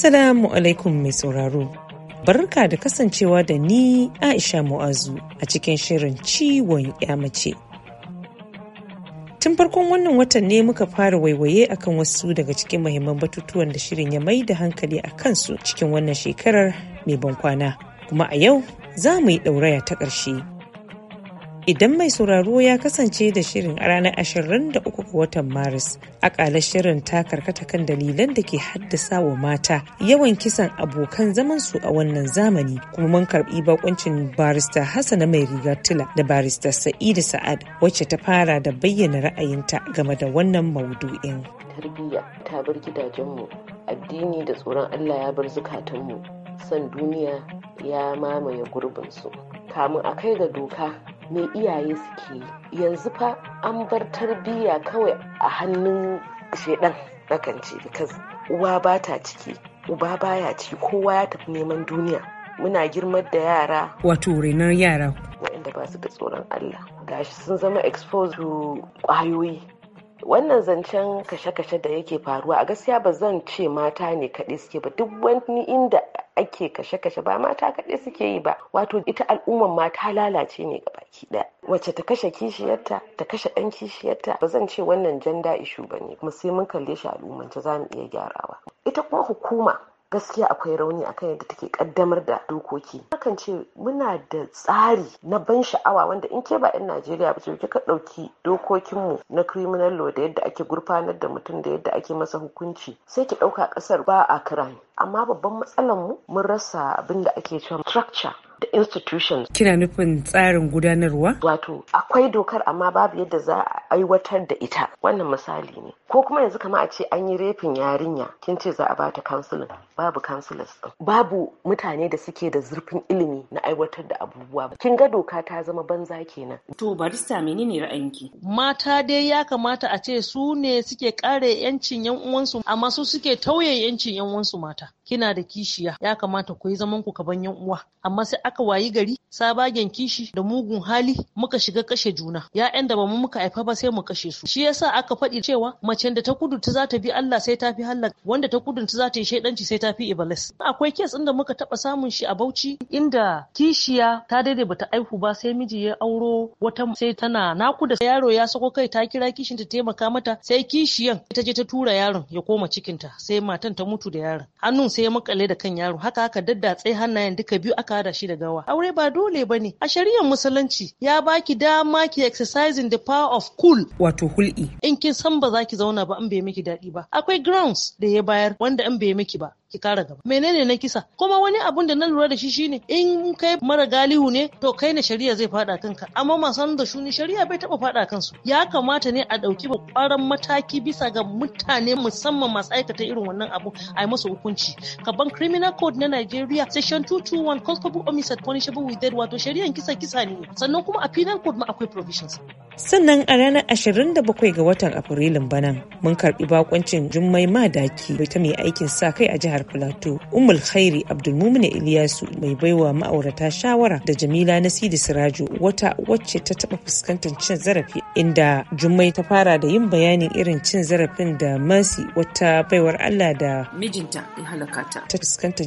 Assalamu alaikum mai sauraro. Barka da kasancewa da ni Aisha Mu'azu a cikin shirin ciwon mace. Tun farkon wannan watan ne muka fara waiwaye akan wasu daga cikin mahimman batutuwan da shirin ya mai da hankali a kansu cikin wannan shekarar mai ban kwana, Kuma a yau za mu yi ɗauraya ta ƙarshe. idan mai sauraro ya kasance da shirin a ranar 23 ga watan maris akalar shirin ta karkata kan dalilan da ke haddasa wa mata yawan kisan abokan zaman su a wannan zamani kuma mun karbi bakuncin barista hassana mai rigar tila da barista sa'ida sa'ad wacce ta fara da bayyana ra'ayinta game da wannan maudu'in tarbiyya ta bar gidajenmu addini da tsoron allah ya bar mu san duniya ya mamaye gurbin su kamun a kai ga doka ne iyaye suke yi yanzu fa an bar tarbiyya kawai a hannun shaidan nakan ce because uwa ba ta ciki uba baya ciki kowa ya tafi neman duniya muna girmar da yara wato renar yara waɗanda ba su da tsoron Allah gashi sun zama exposed to ƙwayoyi wannan zancen kashe-kashe da yake faruwa a gaskiya ba zan ce mata ne kaɗai suke ba duk wani inda ake kashe-kashe ba mata kaɗai suke yi ba wato ita al'ummar mata ta lalace ne ga baki ɗaya wacce ta kashe kishiyarta ta kashe ɗan kishiyarta ba zan ce wannan janda ishu ba ne kuma sai mun kalle shi al'ummance za mu iya gyarawa ita kuma hukuma gaskiya akwai rauni akan yadda take kaddamar da dokoki hakan ce muna da tsari na ban sha'awa wanda in ke ba 'yan najeriya ba ce kika ɗauki dokokinmu na criminal law da yadda ake gurfanar da mutum da yadda ake masa hukunci sai ki ɗauka ƙasar ba a crime amma babban matsalar mu mun rasa abin ake cewa structure da institutions. Kina nufin tsarin gudanarwa? Wato, akwai dokar amma babu yadda za a aiwatar da ita wannan misali ne ko kuma yanzu kama a ce an yi refin yarinya kin ce za a bata kansulin babu kansulas babu mutane da suke da zurfin ilimi na aiwatar da abubuwa kin ga doka ta zama banza kenan to barista menene ra'ayinki mata dai ya kamata a ce su ne suke kare yancin yan uwansu amma su suke tauye yancin yan uwansu mata kina da kishiya ya kamata ku yi zaman ku kaban yan uwa amma sai aka wayi gari sabagen kishi da mugun hali muka shiga kashe juna ya'yan da bamu muka haifa ba sai mu kashe su shi yasa aka faɗi cewa macen da ta kudu ta za bi Allah sai ta fi halak wanda ta kudu ta za yi shaidanci sai ta fi iblis akwai kes da muka taba samun shi a Bauchi inda kishiya ta daidai bata aihu ba sai miji ya auro wata sai tana nakuda yaro ya sako kai ta kira kishin ta taimaka mata sai kishiyan ta je ta tura yaron ya koma cikinta sai matan ta mutu da yaron hannun sai ya makale da kan yaro haka haka daddatse hannayen duka biyu aka hada shi da gawa aure ba dole bane a shari'ar musulunci ya baki dama ma ki exercising the power of cool wato hul'i in kin san ba za ki zauna ba an bai miki daɗi ba akwai grounds da ya bayar wanda an bai miki ba ki kara gaba menene na kisa kuma wani abun da na lura da shi shine in kai mara galihu ne to kai na shari'a zai fada kanka amma masu da shuni shari'a bai taba fada kansu ya kamata ne a dauki babban mataki bisa ga mutane musamman masu aikata irin wannan abu a yi musu hukunci kaban criminal code na Nigeria section 221 culpable homicide punishable with death wato shari'an kisa kisa ne sannan kuma a penal code ma akwai provisions sannan a ranar 27 ga watan afrilun bana mun karbi bakoncin jummai madaki ta mai aikin sa kai a jihar plateau umul khairi abdulmumina iliyasu mai baiwa ma'aurata shawara da jamila nasidi Siraju, wata wacce ta taba fuskantar cin zarafi inda jummai ta fara da yin bayanin irin cin zarafin da masi wata baiwar allah da mijinta ya halaka ta fuskantar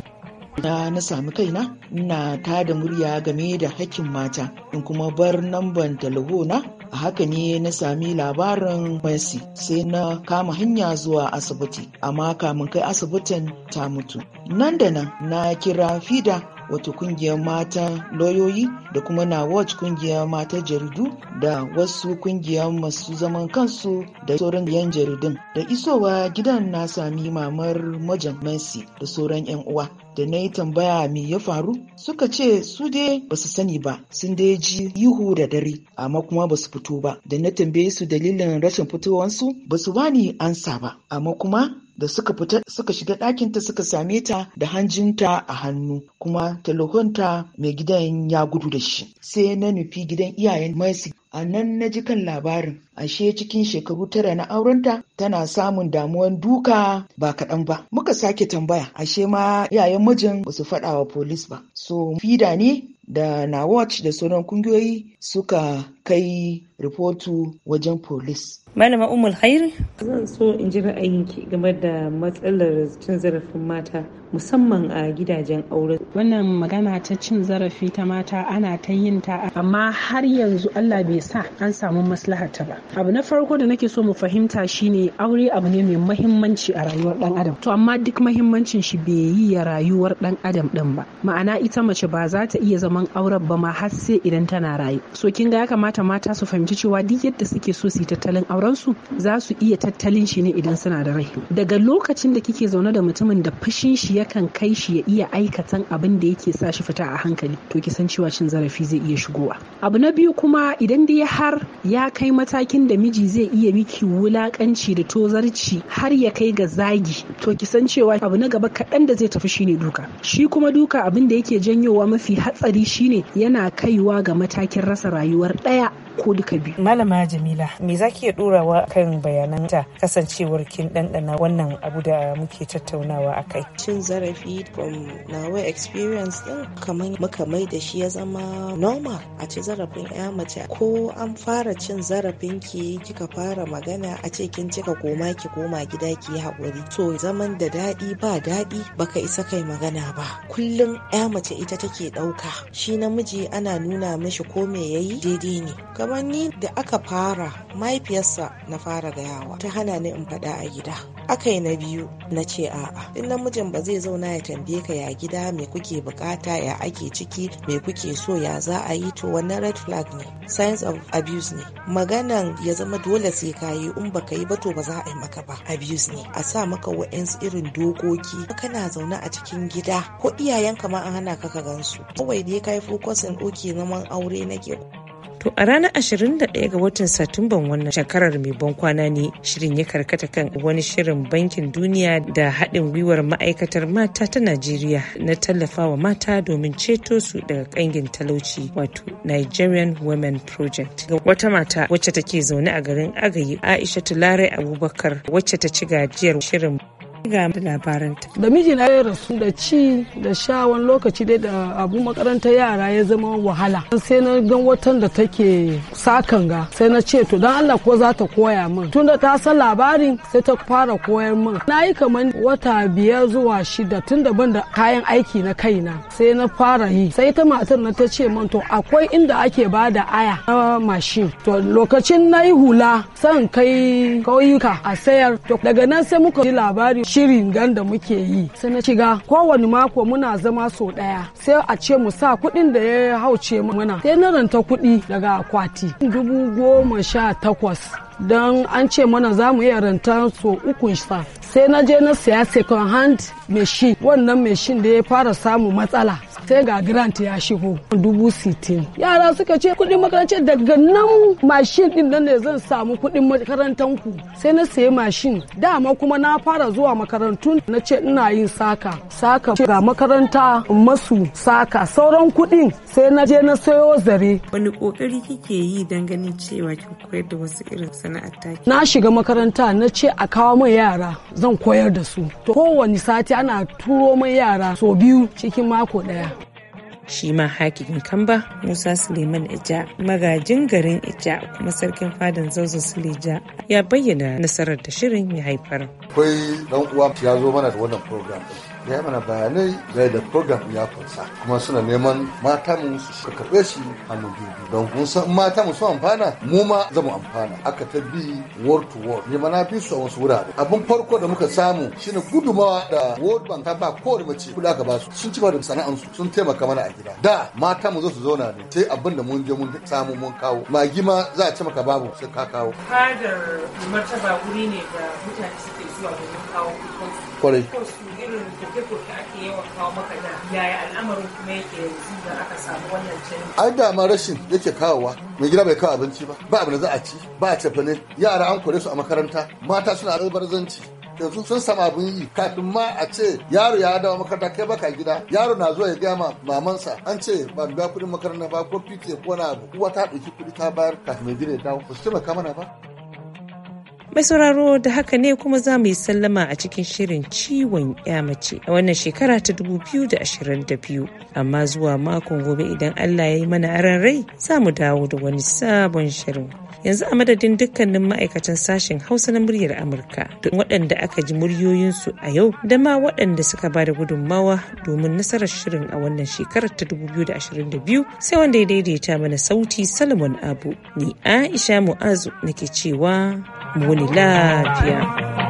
na na sami kaina na ta da murya game da hakkin mata in kuma bar namban talhona a haka ne na sami labarin Mercy sai na kama hanya zuwa asibiti amma kamun kai asibitin ta mutu nan da nan na kira fida wato kungiyar mata lauyoyi da kuma na watch kungiyar mata jaridu da wasu kungiyar masu zaman kansu da sauran yan jaridun da isowa gidan na sami mamar majan mercy da sauran yan uwa da na yi tambaya me ya faru suka ce su dai ba su sani ba sun dai ji ihu da dare amma kuma ba su fito ba da na tambaye su dalilin rashin fitowansu ba su bani ansa ba amma kuma da suka fita suka shiga ɗakinta suka same ta da hanjinta a hannu kuma talahonta mai gidan ya gudu da shi sai na nufi gidan iyayen mercy A nan na ji kan labarin, ashe cikin shekaru tara na aurenta tana samun damuwan duka ba kaɗan ba. Muka sake tambaya, ashe ma iyayen mijin ba su faɗa wa polis ba. So, fida ne da na watch da sauran kungiyoyi suka kai rifotu wajen polis. Malama Umul hairi. Zan so in ji ra'ayinki game da matsalar cin zarafin mata musamman a gidajen aure. Wannan magana ta cin zarafi ta mata ana ta yin ta amma har yanzu Allah bai sa an samu ta ba abu na farko da nake so mu fahimta shine aure abu ne mai mahimmanci a rayuwar dan adam to amma duk mahimmancin shi bai yi ya rayuwar dan adam din ba ma'ana ita mace ba za ta iya zaman auren ba ma har sai idan tana rayu so kin ga ya kamata mata su fahimci cewa duk yadda suke so su yi tattalin auren su za su iya tattalin shi ne idan suna da rai daga lokacin da kike zaune da mutumin da fushin shi yakan kai shi ya iya aikatan abin da yake sa shi fita a hankali to ki san cewa cin zarafi zai iya shigowa abu na biyu kuma idan da dai har ya kai matakin da miji zai iya miki wulakanci da tozarci har ya kai ga zagi to ki san cewa abu na gaba kaɗan da zai tafi shine duka shi kuma duka abin da yake janyowa mafi hatsari shine yana kaiwa ga matakin rasa rayuwar ɗaya ko duka biyu. Malama Jamila, me za ki iya ɗorawa kan bayananta kasancewar kin ɗanɗana wannan abu da muke tattaunawa a kai? Cin zarafi from nawa experience ɗin kamar muka mai da shi ya zama normal a ci zarafin ya mace ko an fara cin zarafin ki kika fara magana a ce kin cika koma ki koma gida ki yi haƙuri. To zaman da daɗi ba daɗi baka isa kai magana ba. Kullum ya mace ita take ɗauka. Shi namiji ana nuna mishi ko me yayi daidai ne. kamar da aka fara mahaifiyarsa na fara gayawa ta hana ni in faɗa a gida aka yi na biyu na ce a'a in namijin ba zai zauna ya tambaye ka ya gida me kuke bukata ya ake ciki me kuke so ya za a yi to wannan red flag ne signs of abuse ne maganan ya zama dole sai ka yi in baka yi ba to ba za a yi maka ba abuse ne a sa maka wa'ensu irin dokoki kana zaune a cikin gida ko iyayenka ma an hana ka ka gansu kawai dai yi focusin oke zaman aure na nake To a ranar 21 ga watan Satumban wannan shekarar mai ban kwana ne shirin ya karkata kan wani shirin bankin duniya da haɗin gwiwar ma'aikatar mata ta Najeriya na tallafawa mata domin ceto su daga ƙangin talauci wato Nigerian Women Project. Ga wata mata wacce take zaune a garin Agayi Aisha Tulare Abubakar wacce ta ci gajiyar shirin Ga labaranta. Da mijina ya rasu da ci da sha lokaci dai da abu makaranta yara ya zama wahala. Sai na gan watan da take sakan ga sai na ce to dan Allah ko za ta koya min. Tun ta san labarin sai ta fara koyar min. Na yi kamar wata biyar zuwa shida tun da ban da kayan aiki na kaina sai na fara yi. Sai ta matar na ta ce min to akwai inda ake ba da aya na mashin. To lokacin na yi hula san kai kauyuka a sayar. Daga nan sai muka ji labari shirin gan da muke yi sai na shiga kowane mako muna zama so daya sai a ce mu sa kuɗin da ya hauce mana sai na ranta kuɗi daga akwati dubu goma sha takwas don an ce mana za mu iya ranta so uku sa sai na je na siya second hand machine wannan machine da ya fara samu matsala sai ga grant ya shigo dubu sitin yara suka ce kuɗin makarantar daga nan mashin din nan ne zan samu kuɗin makarantar ku sai na sayi mashin dama kuma na fara zuwa makarantun na ce ina yin saka saka ga makaranta masu saka sauran kuɗin sai na je na sayo zare wani kokari kike yi dan ganin cewa ki koyar da wasu irin sana'ar taki na shiga makaranta na ce a kawo min yara zan koyar da su to kowane sati ana turo min yara so biyu cikin mako daya shi ma kan kamba musa suleiman ija magajin garin ija kuma sarkin fadan zauzu suleja ya bayyana nasarar da shirin ya haifar akwai dan uwa ya zo mana da wannan program da ya mana bayanai da da program ya kunsa kuma suna neman mata mu su karɓe shi hannu biyu don kun san mata mu su amfana mu ma mu amfana aka ta bi world to world ne mana bi su a wasu wurare abin farko da muka samu shine gudumawa da World Bank ta ba kowace mace kuɗi aka ba su sun ci gaba da sana'ansu sun taimaka mana a gida da mata mu zo su zauna ne sai abin da mun je mun samu mun kawo magi ma za a ci maka babu sai ka kawo fadar martaba guri ne da mutane suke zuwa domin kawo kuɗin kwarai ai da ma rashin yake kawowa mai gida bai kawo abinci ba ba abin da za a ci ba a cefane yara an kore su a makaranta mata suna albarzanci yanzu sun samu abin yi kafin ma a ce yaro ya dawo makaranta kai baka gida yaro na zuwa ya gaya ma mamansa an ce ba biya kuɗin makaranta ba ko fiti ko na abu uwa ta ɗauki kuɗi ta bayar kafin mai gida ya dawo ba su kama na ba Mai sauraro da haka ne kuma za mu yi sallama a cikin shirin ciwon mace a wannan shekara ta 2022. Amma zuwa makon gobe idan Allah ya yi mana aran rai za mu dawo da wani sabon shirin. Yanzu a madadin dukkanin ma'aikatan sashen Hausa na muryar Amurka da waɗanda aka ji muryoyinsu a yau da ma waɗanda suka ba da gudunmawa domin nasarar shirin a wannan shekarar ta 2022 sai wanda ya daidaita mana sauti Salomon Abu. Ni Aisha Mu'azu nake cewa 穆尼拉迪